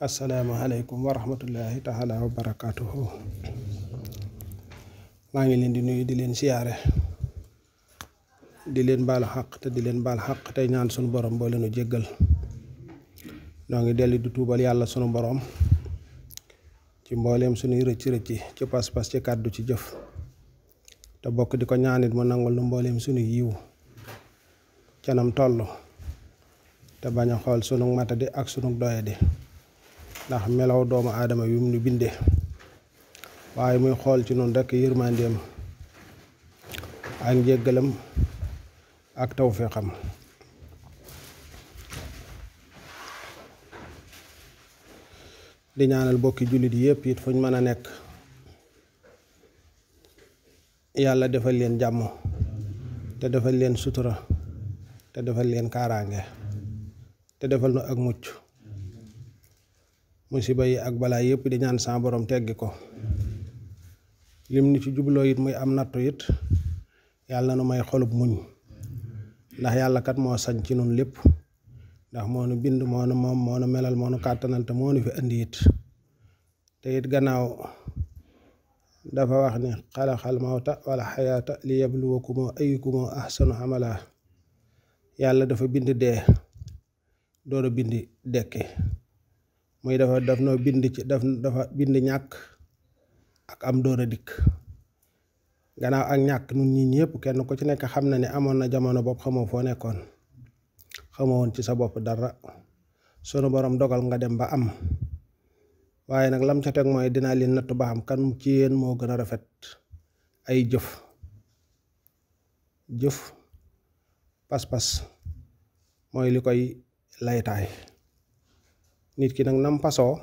asalaamaaleykum wa rahmatullahi taala wa barakaatuhu maa ngi leen di nuyu di leen siyaare di leen baal xaq te di leen baal xaq tey ñaan sunu borom boo leenu jéggal noo ngi dellu di tuubal yàlla sunu boroom ci mbooleem sunuy rëcc rëcc ci pas-pas ci kàddu ci jëf te bokk di ko ñaanit mu nangul lu mbooleem sunu yiw canam toll te bañ a xool sunu matadi ak sunu doyadi ndax melow doomu aadama yu mu nu bindee waaye muy xool ci noonu rekk yërmandeem ak njëggalam ak tawféexam di ñaanal bokki jullit yépp it fuñ mën a nekk yàlla defal leen jàmm te defal leen sutura te defal leen kaaraange te defal nu ak mucc musiba yi ak balaa yëpp di ñaan sa borom teggi ko lim ni ci jubloo it muy am nattu it yàlla nu may xolub muñ ndax yàlla kat moo sañ ci nun lépp ndax moo nu bind moo nu moom moo nu melal moo nu kàttanal te moo nu fi indi it te gannaaw dafa wax ni xalaxal mawta wala xayaata li yabluwakumoo ayukumoo ahsanu amala yàlla dafa bind dee door a bindi dekki muy dafa daf noo bind ci daf dafa bind ñàkk ak am door a dikk gannaaw ak ñàkk nun ñi ñëpp kenn ku ci nekk xam na ni amoon na jamono bopp xamoo foo nekkoon xamoo woon ci sa bopp dara sunu borom dogal nga dem ba am waaye nag lam ca teg mooy dinaa leen natt ba xam kan ci yéen moo gën a rafet ay jëf jëf pas-pas mooy li koy laytaay nit ki nag nam pasoo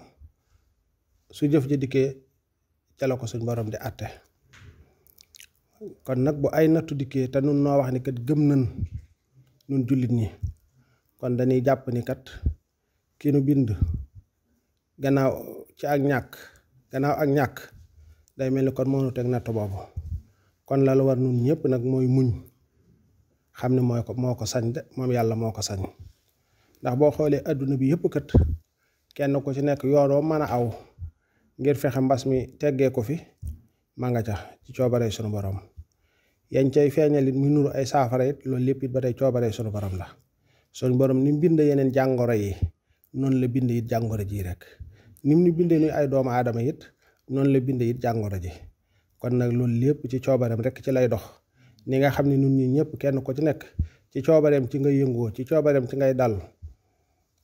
su jëf ji dikkee ca ko suñ borom di àtte kon nag bu ay nattu dikkee te nun noo wax ni kat gëm nan nun jullit ñi kon dañuy jàpp ni kat ki nu bind gannaaw ci ak ñàkk gannaaw ak ñàkk day mel ni kon moo teg nattu boobu kon la war nun ñëpp nag mooy muñ xam ne mooy ko moo ko sañ de moom yàlla moo ko sañ ndax boo xoolee adduna bi yëpp kat kenn ku ci nekk yoon mën a aw ngir fexe mbas mi teggee ko fi ma nga ca ci coobaree sunu borom yañ cay feeñal it mu nuru ay saafara it loolu lépp it ba tey coobaree sunu borom la sunu borom ni mu bind yeneen jàngoro yi noonu la bind it jàngoro ji rek ni mu ni ay doomu aadama it noonu la bind jàngoro ji kon nag loolu lépp ci coobareem rek ci lay dox ni nga xam ne ñun ñi ñëpp kenn ku ci nekk ci coobareem ci nga yëngoo ci coobareem ci ngay dal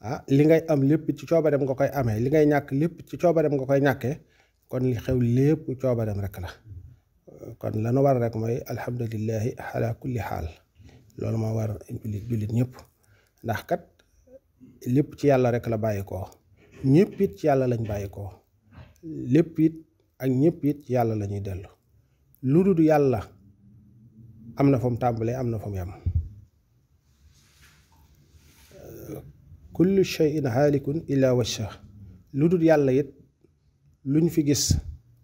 ah li ngay am lépp ci coobareem nga koy amee li ngay ñàkk lépp ci coobareem nga koy ñàkkee kon li xew lépp coobareem rek la kon lanu war rek mooy alhamdulilahi ala kulli xaal loolu moo war jullit jullit ñëpp ndax kat lépp ci yàlla rek la bàyyi koo ñëpp ci yàlla lañ bàyyi lépp it ak ñëpp it yàlla la ñuy dellu lu dul yàlla am na fa mu tàmbalee am na fa yam kullu shay'in haalikun illaa wajha lu dul yàlla lu ñu fi gis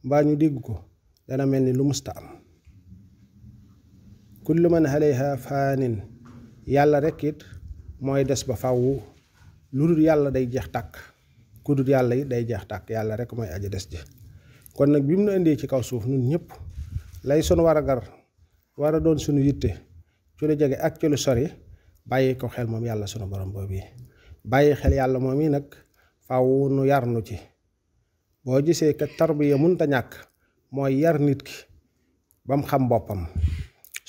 mbaa ñu dégg ko dana mel ni lu musta am kullu man alayha faanin yàlla rekk it mooy des ba fàwwu lu dul yàlla day jeex tàkk ku dul yàlla it day jeex tàkk yàlla rekk mooy aji des ji kon nag bi mu nu indee ci kaw suuf nun ñëpp lay sun war a gar doon sunu yitte ci lu jege ak ci lu sori bàyyee ko xel moom yàlla sunu borom boobu yi bàyyi xel yàlla moom yi nag faaw nu yar nu ci boo gisee kat tarbiya munta ñàkk mooy yar nit ki ba mu xam boppam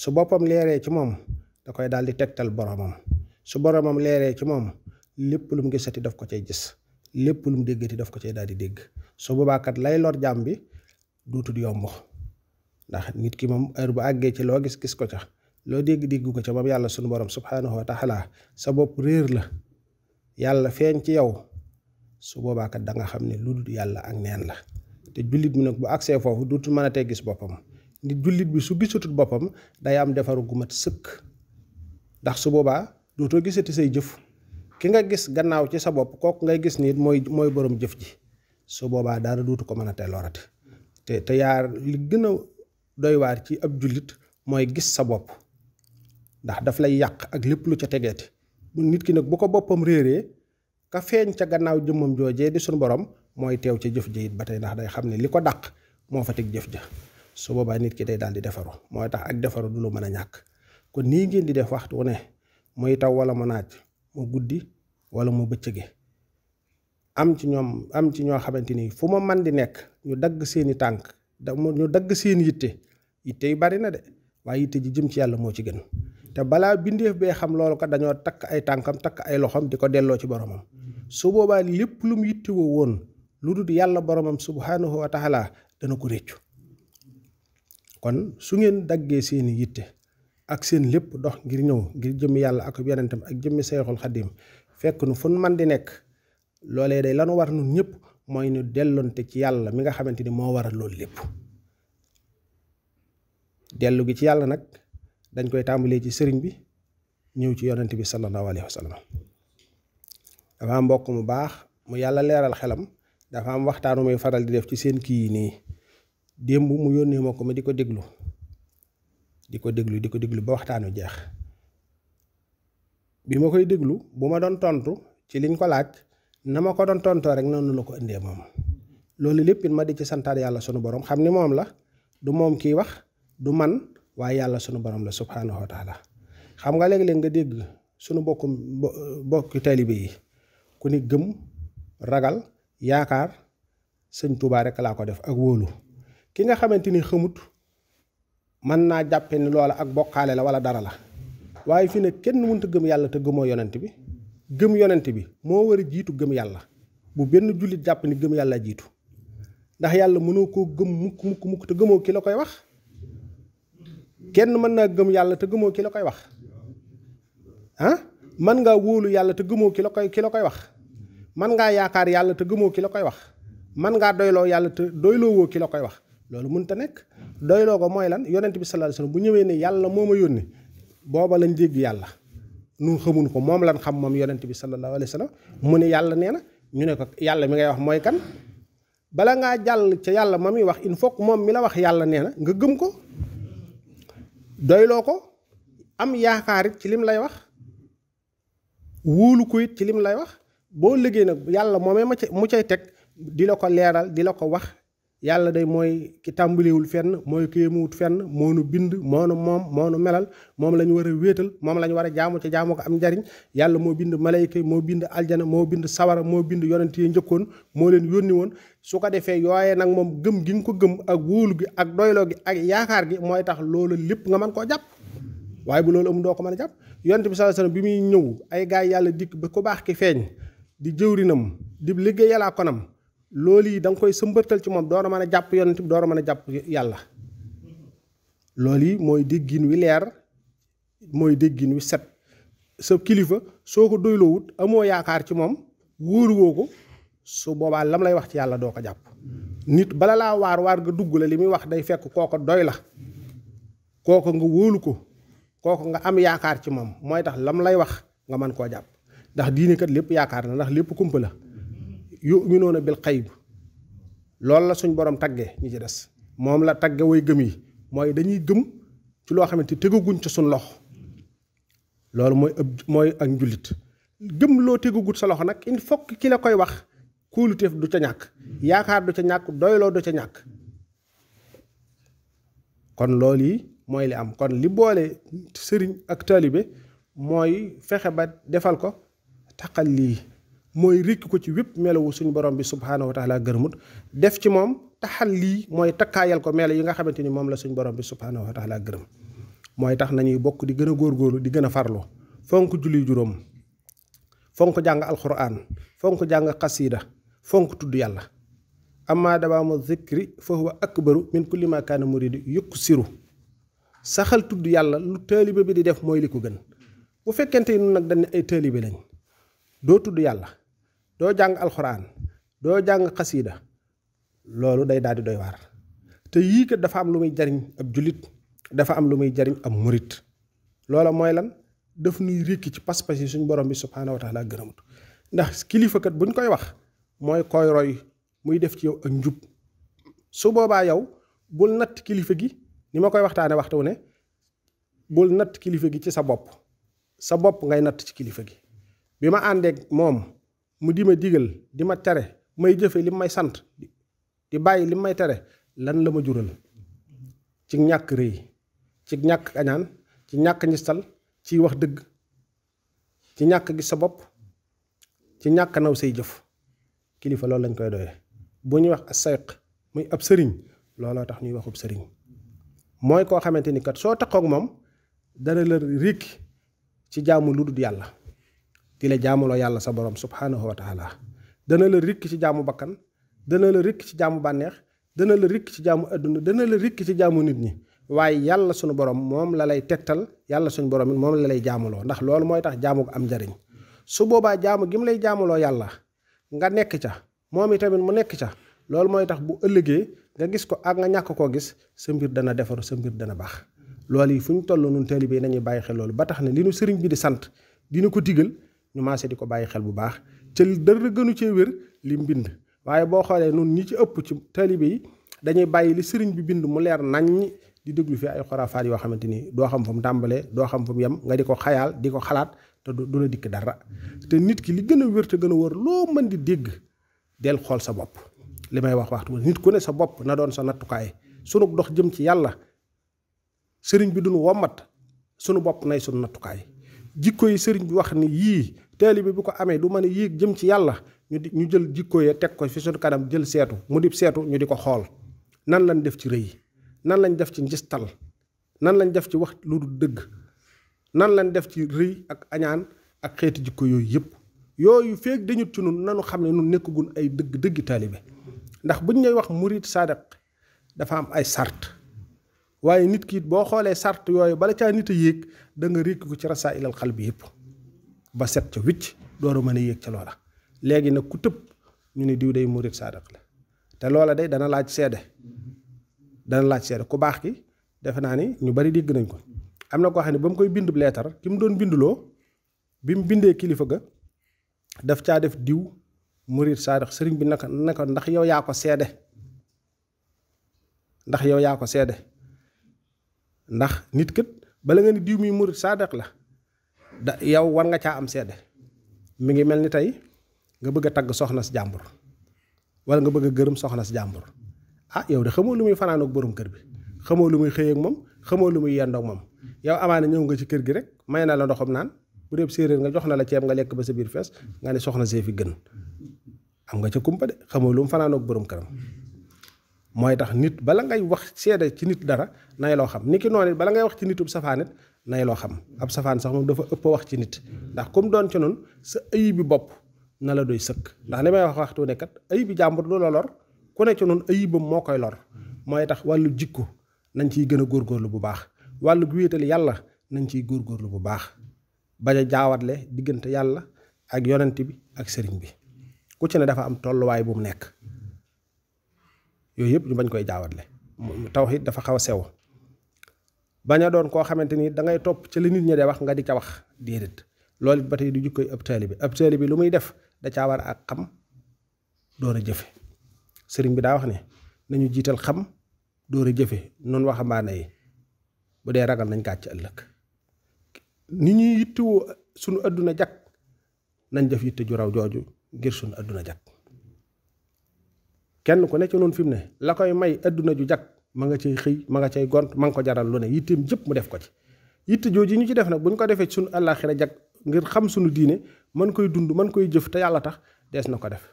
su boppam leeree ci moom da koy daal di tegtal boromam su boromam leeree ci moom lépp lu mu gisati daf ko cay gis lépp lu mu déggati daf ko cay daal di dégg su boobaa lay lor jàmm bi duutul yomb ndax nit ki moom heure bu àggee ci loo gis gis ko ca loo dégg dégg ko ca moom yàlla sunu borom subhaanahu wa taala sa bopp réer la. yàlla feeñ ci yow su boobaakat kat da nga xam ne lu dul yàlla ak neen la te jullit bi nag bu agsee foofu dootul mën a tey gis boppam ni jullit bi su gisatut boppam day am defaru gu mat sëkk ndax su boobaa dootoo gisati say jëf ki nga gis gannaaw ci sa bopp kooku ngay gis nit mooy mooy borom jëf ji su boobaa dara dootu ko mën a tey lorati te te yaar li gën a doy ci ab jullit mooy gis sa bopp ndax daf lay yàq ak lépp lu ca tegeeti nit ki nag bu ko boppam réeree ka feeñ ca gannaaw jëmmam joojee di suñu borom mooy teew ca jëf ja ba tey ndax day xam ne li ko dàq moo fa teg su boobaa nit ki day daal di defaru mooy tax ak defaru du lu mën a ñàkk kon nii ngeen di def waxtu wu ne muy taw wala mu naaj mu guddi wala mu bëccëge am ci ñoom am ci ñoo xamante ni fu ma man di nekk ñu dagg seeni tànk da ñu dagg seen yitte yitte yi bari na de waaye yitte ji jëm ci yàlla moo ci gën te balaa bindeef bee xam loolu ko dañoo takk ay tànkam takk ay loxoom di ko delloo ci boromam su boobaa lépp lu mu woon lu dul yàlla boromam subhaanahu wa taala ko réccu kon su ngeen daggee seeni yitte ak seen lépp dox ngir ñëw ngir jëmmi yàlla ak yonentam ak jëmmi Seexul Xadiim fekk nu fun man di nekk loolee day lanu war nun ñëpp mooy nu delloonte ci yàlla mi nga xamante ni moo waral loolu lépp dellu gi ci yàlla nag dañ koy tàmbalee ci sëriñ bi ñëw ci yonent bi sallallahu alayhi wa sallam dafa am mbokk mu baax mu yàlla leeral xelam dafa am waxtaanu muy faral di def ci seen kii yi nii démb mu yónnee ma ko ma di ko déglu di ko déglu di ko déglu ba waxtaanu jeex bi ma koy déglu bu ma doon tontu ci liñ ko laaj na ma ko doon tontoo rek noonu la ko indee moom loolu lépp it ma di ci santaat yàlla sunu boroom xam ni moom la du moom kiy wax du man waaye yàlla sunu borom la subhaanahu wa taala xam nga léeg leen nga dégg sunu bokku bokki taalibe yi ku ni gëm ragal yaakaar sëñ Tuubaa rek laa ko def ak wóolu ki nga xamante ni xamut mën naa jàppe ni loola ak bokkaale la wala dara la waaye fii ne kenn mënta gëm yàlla te gëmoo yonent bi gëm yonent bi moo war a jiitu gëm yàlla bu benn jullit jàpp ni gëm yàlla jiitu ndax yàlla mënoo koo gëm mukk mukk mukk te gëmoo ki la koy wax kenn mën naa gëm yàlla te gëmoo ki la koy wax ah ngaa wóolu yàlla te gëmoo ki la koy ki koy wax mën ngaa yaakaar yàlla te gëmoo ki la koy wax mën ngaa doyloo yàlla te doyloo woo ki la koy wax loolu mënta nekk doyloo ko mooy lan yonent bi sallallahu alayhi wasallam bu ñëwee ne yàlla moo ma yónni booba lañ dégg yàlla nu xamun ko moom lan xam moom yonent bi sallallahu alayhi wasallam mu ne yàlla nee na ñu ne ko yàlla mi ngay wax mooy kan balaa ngaa jàll ca yàlla ma muy wax il faut moom mi la wax yàlla nee na nga gëm ko doyloo ko am yaakaar it ci lim lay wax wóolu ko it ci lim lay wax boo liggéey nag yàlla moomee ma ca mu cay teg di la ko leeral di la ko wax yàlla day mooy ki tàmbaliwul fenn mooy ki mu yemuwut fenn nu bind moonu moom moo nu melal moom la ñu war a wéetal moom la ñu war a jaamu ci jaamu ko am njariñ yàlla moo bind malayka yi moo bind aljana moo bind sawara moo bind yonent yi njëkkoon moo leen yónni woon su ko defee yooyee nag moom gëm gi nga ko gëm ak wóolu gi ak doyloo gi ak yaakaar gi mooy tax loolu lépp nga mën koo jàpp waaye bu loolu amul doo ko mën a jàpp yonent bi sallallahu alayhi bi muy ñëw ay gaay yàlla dikk ba ku baax ki feeñ di jëwrinam di liggéey yàllaa konam loolu yi da nga koy sëmbatal ci moom door mën a jàpp yonent bi door mën a jàpp yàlla loolu yi mooy déggin wi leer mooy déggin wi set sa kilifa soo ko doyloo amoo yaakaar ci moom wóoruwoo ko su boobaa lam lay wax ci yàlla doo ko jàpp nit bala laa waar waar nga dugg la li muy wax day fekk kooko doy la kooko nga wóolu ko kooko nga am yaakaar ci moom mooy tax lam lay wax nga mën koo jàpp ndax diine kat lépp yaakaar na ndax lépp kumpa la yuminuuna bil xayb loolu la suñ borom tagge ñi ci des moom la tagge way gëm yi mooy dañuy gëm ci loo xamante tegaguñ ci suñ loxo loolu mooy ëb mooy ak njullit gëm loo tegagut sa loxo nag il faut ki la koy wax kóoluteef du ca ñàkk yaakaar du ca ñàkk doyloo du ca ñàkk kon lool yi mooy li am kon li boole sëriñ ak taalibe mooy fexe ba defal ko taqal lii mooy rikk ko ci wépp melawu suñu borom bi subhaanahu wa taala gërëmut def ci moom taxal lii mooy takkaayal ko melo yi nga xamante ni moom la suñu borom bi subhaanahu wa taala gërëm mooy tax nañuy bokk di gën a góorgóorlu di gën a farlu fonk julli juróom fonk jàng alquran fonk jàng xasiida fonk tudd yàlla amma dawaamu zikri fa ak akbaru min kulli ma kaana muridi yukk siru saxal tudd yàlla lu taalibe bi di def mooy li ko gën bu fekkente ni nag dañ ay taalibe lañ doo tudd yàlla doo jàng alxuraan doo jàng xasiida loolu day daal di doy waar te yii kat dafa am lu muy jariñ ab jullit dafa am lu muy jariñ ab murit loola mooy lan daf nuy rékki ci pas-pas yi suñ borom bi subhaanahu wa taala ndax kilifa kat ñu koy wax mooy koy roy muy def ci yow ak njub su boobaa yow bul natt kilifa gi ni ma koy waxtaane waxtu ne bul natt kilifa gi ci sa bopp sa bopp ngay natt ci kilifa gi bi ma àndeek moom mu di ma digal di ma tere may jëfe li may sant di bàyyi li may tere lan la ma jural ci ñàkk rëy ci ñàkk añaan ci ñàkk ñistal ci wax dëgg ci ñàkk gis sa bopp ci ñàkk naw say jëf kilifa loolu lañ koy doyee bu ñuy wax asayq muy ab sëriñ looloo tax ñuy waxub sëriñ mooy koo xamante ni kat soo taxook moom dana la riik ci jaamu lu dul yàlla di la jaamuloo yàlla sa borom subhaanahu wa taala dana la rikk ci jaamu bakkan dana la rikk ci jaamu bànneex dana la rikk ci jaamu adduna dana la rikk ci jaamu nit ñi waaye yàlla sunu borom moom la lay tegtal yàlla suñu borom it moom la lay jaamuloo ndax loolu mooy tax jaamu am njariñ su boobaa jaamu gi mu lay jaamuloo yàlla nga nekk ca moom itamit mu nekk ca loolu mooy tax bu ëllëgee nga gis ko ak nga ñàkk koo gis sa mbir dana defaru sa mbir dana baax loolu yi fu ñu toll nun taalibe yi nañuy bàyyi xel loolu ba tax ne li nu bi di sant dina ko digal ñu maase di ko bàyyi xel bu baax ca dara gënu cee wér li mbind waaye boo xoolee noonu ñi ci ëpp ci taalibe yi dañuy bàyyi li sëriñ bi bind mu leer naññ di déglu fi ay xoraafaat yoo xamante ni doo xam fu mu tàmbalee doo xam fu mu yem nga di ko xayaal di ko xalaat te du du la dikk dara te nit ki li gën a wér te gën a wër loo mën di dégg del xool sa bopp li may wax waxtu nit ku ne sa bopp na doon sa nattukaay sunu dox jëm ci yàlla sëriñ bi duñu wommat sunu bopp nay sunu nattukaay jikko yi sëriñ bi wax ni yii taalibe bu ko amee du mën a yéeg jëm ci yàlla ñu di ñu jël jikko ya teg ko fi suñu kanam jël seetu mu dib seetu ñu di ko xool nan lañ def ci rëy nan lañ def ci njistal nan lañ def ci wax lu dul dëgg nan lañ def ci rëy ak añaan ak xeeti jikko yooyu yëpp yooyu feeg dañu ci nun nanu xam ne nu nekkagun ay dëgg dëgg taalibe ndax buñ ñuy wax murid sadiq dafa am ay sart waaye nit kii boo xoolee sart yooyu bala caa nit a yéeg da nga rékk ko ci rasaa ilal xal bi yëpp ba set ca wicc dooru mën a yéeg ca loola léegi nag ku tëb ñu ne diw day murit saadaq la te loola day dana laaj seede dana laaj seede ku baax ki defe naa ni ñu bari dégg nañ ko am na koo xam ne ba mu koy bindu leetar ki mu doon binduloo bi mu bindee kilifa ga def caa def diw murit saadaq sëriñ bi naka naka ndax yow yaa ko seede ndax yow yaa ko seede ndax nit kët bala nga ni diw mi murit saadaq la da yow war nga caa am seede mu ngi mel ni tey nga bëgg a tagg soxna si jàmbur wala nga bëgg a gërëm soxna si jàmbur ah yow de xamoo lu muy fanaan borom kër bi xamoo lu muy xëyeek moom xamoo lu muy yendoo ak moom yow amaana ñëw nga ci kër gi rek may na la ndoxam naan bu dee séeréer nga jox na la ceeb nga lekk ba sa biir fees nga ne soxna see fi gën am nga ca kumpa de xamoo lu mu fanaan ak mooy tax nit bala ngay wax seede ci nit dara nay loo xam ni ki noonu bala ngay wax ci nitub safaan it nay loo xam ab safaan sax moom dafa ëpp wax ci nit ndax comme doon ci noonu sa ayi bi bopp na la doy sëkk ndax li may wax waxtu ne kat ayi bi jàmbur du la lor ku ne ci noonu ayibam moo koy lor mooy tax wàllu jikko nañ ciy gën a góorlu bu baax wàllu wéetal yàlla nañ ciy góor góorlu bu baax bañ a jaawatle diggante yàlla ak yonent bi ak sëriñ bi ku ci ne dafa am tolluwaay bu mu nekk yooyu yëpp ñu bañ koy jaawatle tawxiid dafa xaw a sew bañ a doon koo xamante ni da ngay topp ci li nit ñi de wax nga di ca wax déedéet loolu ba tey du jikkoy ab taalibe ab taalibe lu muy def da caa war ak xam door a jëfe sëriñ bi daa wax ne nañu jiital xam door a jëfe noonu waxambaane yi bu dee ragal nañ kàcc ëllëg ni ñuy yittewoo sunu àdduna jag nañ def yitte ju raw jooju ngir sunu àdduna jag kenn ku ne ci noonu fi mu ne la koy may adduna ju jag ma nga cay xëy ma nga cay gont ma nga ko jaral lu ne yitteem jëpp mu def ko ci yitte jooju ñu ci def nag bu ñu ko defee sunu àllaaxira jag ngir xam suñu diine mën koy dund mën koy jëf te yàlla tax des na ko def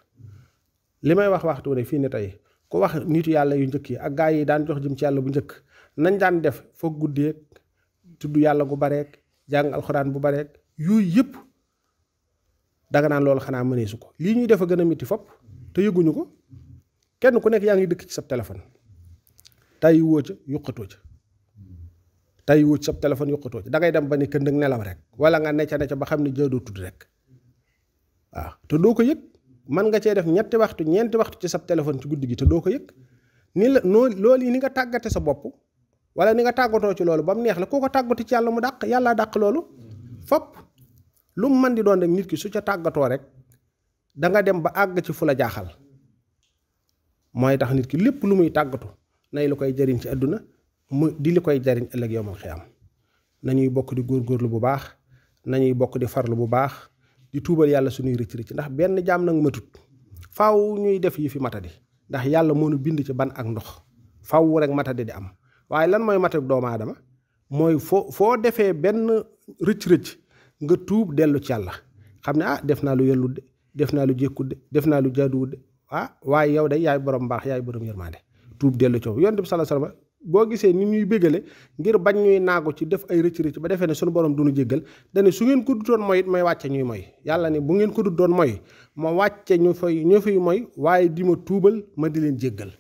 li may wax waxtu ne fii ne tey ku wax nitu yàlla yu njëkk yi ak gaa yi daan jox jëm ci yàlla bu njëkk nañ daan def foog guddeeg tudd yàlla gu bareeg jàng alxuraan bu bareeg yooyu yëpp daga naan loolu xanaa mëneesu ko lii ñuy def a gën a miti fopp te ko kenn ku nekk yaa ngi dëkk ci sab téléphone tàyyi woo ca yuqatoo ca tàyyi woo ci sab téléphone yuqatoo ca da ngay dem ba ni këndëng nelaw rek wala nga necca necca ba xam ne jëdoo tudd rekk waaw te doo ko yëg man nga cee def ñetti waxtu ñeenti waxtu ci sab téléphone ci guddi gi te doo ko yëg ni la noo loolu yi ni nga tàggate sa bopp wala ni nga tàggatoo ci loolu ba mu neex la koo ko tàggatu ci yàlla mu dàq yàlla dàq loolu fopp lu mu mën di doon dem nit ki su ca tàggatoo rek da dem ba àgg ci fu la jaaxal mooy tax nit ki lépp lu muy tàggatu nay lu koy jariñ ci àdduna mu di li koy jariñ ëllëg yow mal xiyaam nañuy bokk di góorlu bu baax nañuy bokk di farlu bu baax di tuubal yàlla suñuy rëcc rëcc ndax benn jaam nag matut faw ñuy def yi fi matadi ndax yàlla moo nu bind ci ban ak ndox faaw rek matadi di am waaye lan mooy matadi doomu aadama mooy foo foo defee benn rëcc-rëcc nga tuub dellu ci yàlla xam ne ah def naa lu yellu de def naa lu jékku def naa lu jaaduwu ah waaye yow day yaay borom mbaax yaay borom yërmande tuub dellu coow yonent bi sallallahu alayhi wasallam boo gisee ni ñuy bégale ngir bañ ñuy naagu ci def ay rëcc rëcc ba defee ne suñu borom duñu jéggal dane su ngeen ko dutoon mooy it may wàcce ñuy mooy yàlla ne bu ngeen ko dutoon mooy ma wàcce ñu fay ñu fiy mooy waaye di ma tuubal ma di leen jéggal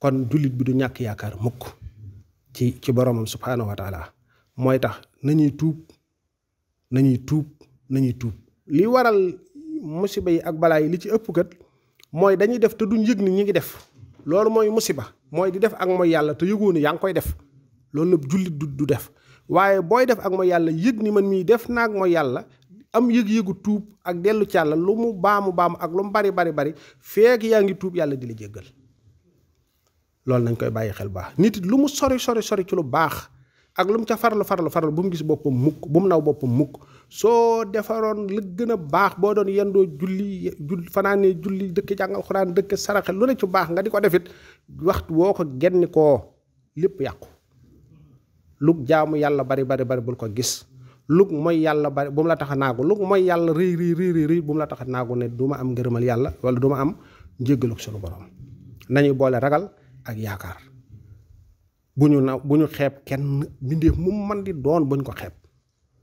kon jullit bi du ñàkk yaakaar mukk ci ci boromam subhaanahu wa taala mooy tax nañuy tuub nañuy tuub nañuy tuub li waral musiba yi ak balaa yi li ci ëpp kat mooy dañuy def te duñ yëg ni ñu ngi def loolu mooy musiba mooy di def ak mooy yàlla te yëgoo yaa ngi koy def loolu nag jullit du du def waaye booy def ak mooy yàlla yëg ni man mii def naag mooy yàlla am yëg-yëgu tuub ak dellu ci yàlla lu mu baamu ak lu mu bari bari bari yaa ngi tuub yàlla di la jéggal loolu nañ koy bàyyi xel baax nit lu mu sori sori sori ci lu baax ak lu mu ca farlu farlu farlu bu mu gis boppam mukk bu mu naw boppam mukk soo defaroon li gën a baax boo doon yendoo julli julli fanaanee julli dëkk jàngal xuraan dëkk saraxe lu ne baax nga di ko defit waxtu woo ko genni koo yépp yàqu lu jaamu yàlla bari bari bari bul ko gis lug mooy yàlla bari bu mu la tax a naagu lug mooy yàlla rëy rëy rëy rëy bu mu la tax a naagu ne du ma am ngërëmal yàlla wala du ma am njéggalug sunu borom nañuy boole ragal ak yaakaar bu ñu naw bu ñu xeeb kenn mbindeef mu man di doon buñ ko xeeb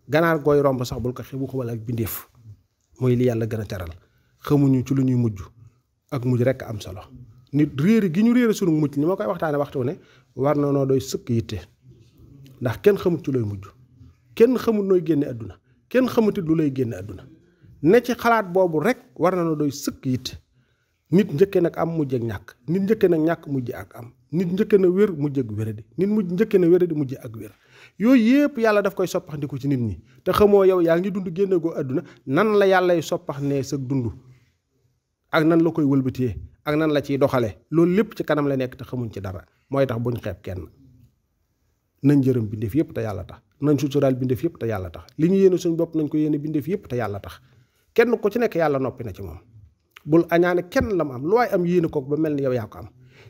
ganaar gooy romb sax bul ko xebu ko wala ak mbindeef mooy li yàlla gën a teral xamuñu ci lu ñuy mujj ak mujj rekk am solo nit réer gi ñu réere sunu mujj ni ma koy waxtaane waxtu ne war na noo doy sëkk yitte ndax kenn xamut ci looy mujj kenn xamut nooy génne àdduna kenn xamutit lu lay génne àdduna ne ci xalaat boobu rek war na noo doy sëkk yitte nit njëkkee nag am mujj ak ñàkk nit njëkkee nag ñàkk mujj ak am nit njëkkee na wér mujj ak wéradi nit mujj njëkkee na wéradi mujj ak wér yooyu yëpp yàlla daf koy soppaxndiku ci nit ñi te xamoo yow yaa ngi dund génne goo àdduna nan la yàllay soppax ne sa dund ak nan la koy wëlbatee ak nan la ciy doxalee loolu lépp ci kanam la nekk te xamuñ ci dara mooy tax buñ xeeb kenn nañ jërëm bindeef yëpp te yàlla tax nañ suturaal bindeef yëpp te yàlla tax li ñu yéene suñ bopp nañ ko yéen bindeef yëpp te yàlla tax kenn ku ci nekk yàlla noppi na ci moom bul añaane kenn la ma am lu waay am yéene kook ba mel ni yow yaa ko am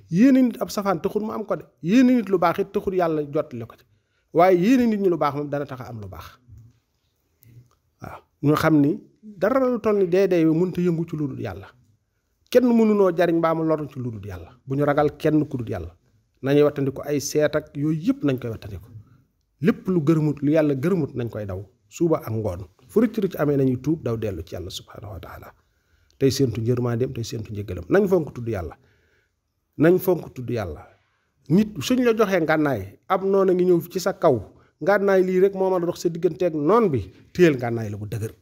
yéene nit ab safaan taxul mu am ko de yéene nit lu baax it taxul yàlla jottali ko ci waaye yéene nit ñi lu baax moom dana tax a am lu baax waaw ñu xam ni dara lu toll ni dee dee mënut a yëngu ci lu dul yàlla kenn mënunoo jariñ mbaa mu loru ci lu dul yàlla bu ñu ragal kenn ku dul yàlla nañuy wattandiku ay seet ak yooyu yëpp nañ koy wattandiku lépp lu gërëmut lu yàlla gërëmut nañ koy daw suba ak ngoon fu rëcc rëcc amee nañuy tuub daw dellu ci yàlla subhaanahu wa tey séentu njërmaandeem tey séentu njëgalam nañ fonk tudd yàlla nañ fonk tudd yàlla nit suñ la joxee ngànnaay ab noon a ngi ñëw ci sa kaw ngànnaay lii rek moo mën a dox sa digganteeg noon bi téyel ngànnaay la bu dëgër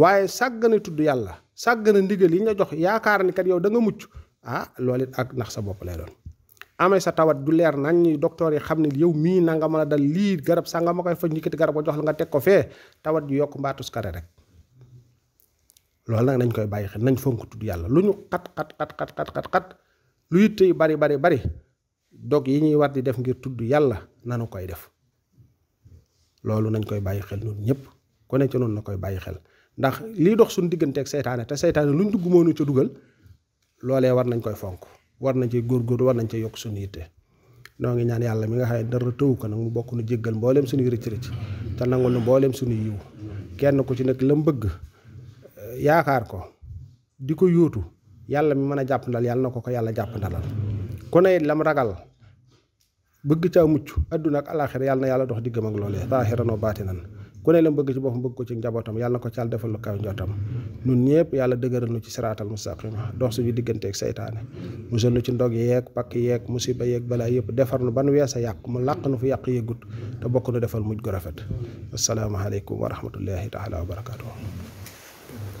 waaye sàggane tudd yàlla sàggane ndigal yi ñu la jox yaakaar ni kat yow da nga mucc ah loolu it ak nax sa bopp lay doon amee sa tawat du leer nañ ñi docteur yi xam ne yow mii na nga mën a dal lii garab sàngama koy faj njëkkati garab ko jox la nga teg ko fee tawat ju yokk mbaatus kare rek loolu nag nañ koy bàyyi xel nañ fonk tudd yàlla lu ñu xat xat xat xat xat xat xat lu yitte yu bari bari bari yi ñuy war di def ngir tudd yàlla nanu koy def loolu nañ koy bàyyi xel ñun ñëpp ku ne ci noonu na koy bàyyi xel ndax lii dox suñu digganteeg seytaane te seytaane ñu dugg moo nu ca dugal loolee war nañ koy fonk war nañ cee góor war nañ cee yokk suñu yitte noo ngi ñaan yàlla mi nga xam ne dara ko nag mu bokk nu jéggal mbooleem suñuy rëcc rëcc te nangul nu mbooleem suñu yiw kenn ko ci nekk lam bëgg yaakaar ko di ko yóotu yàlla mi mën a jàpp ndal yàlla na ko ko yàlla jàpp ndalal ku ne lam ragal bëgg caa mucc àdduna ak alaaxira yàlla na yàlla dox diggam ak loolee zaahiran wa baatinan ku ne lam bëgg ci boppam bëgg ko ci njabootam yàlla na ko caal defal lu kaw njottam nun ñëpp yàlla dëgëral nu ci siraatal mustaqima dox suñu digganteeg saytaane musal nu ci ndog yeeg pakk yeeg musiba yeeg balaa yëpp defar nu ba nu wees a yàq mu làq nu fi yàq yëgut te bokk nu defal mujj gu rafet asalaamaaleykum wa rahmatullahi taala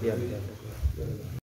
yàlla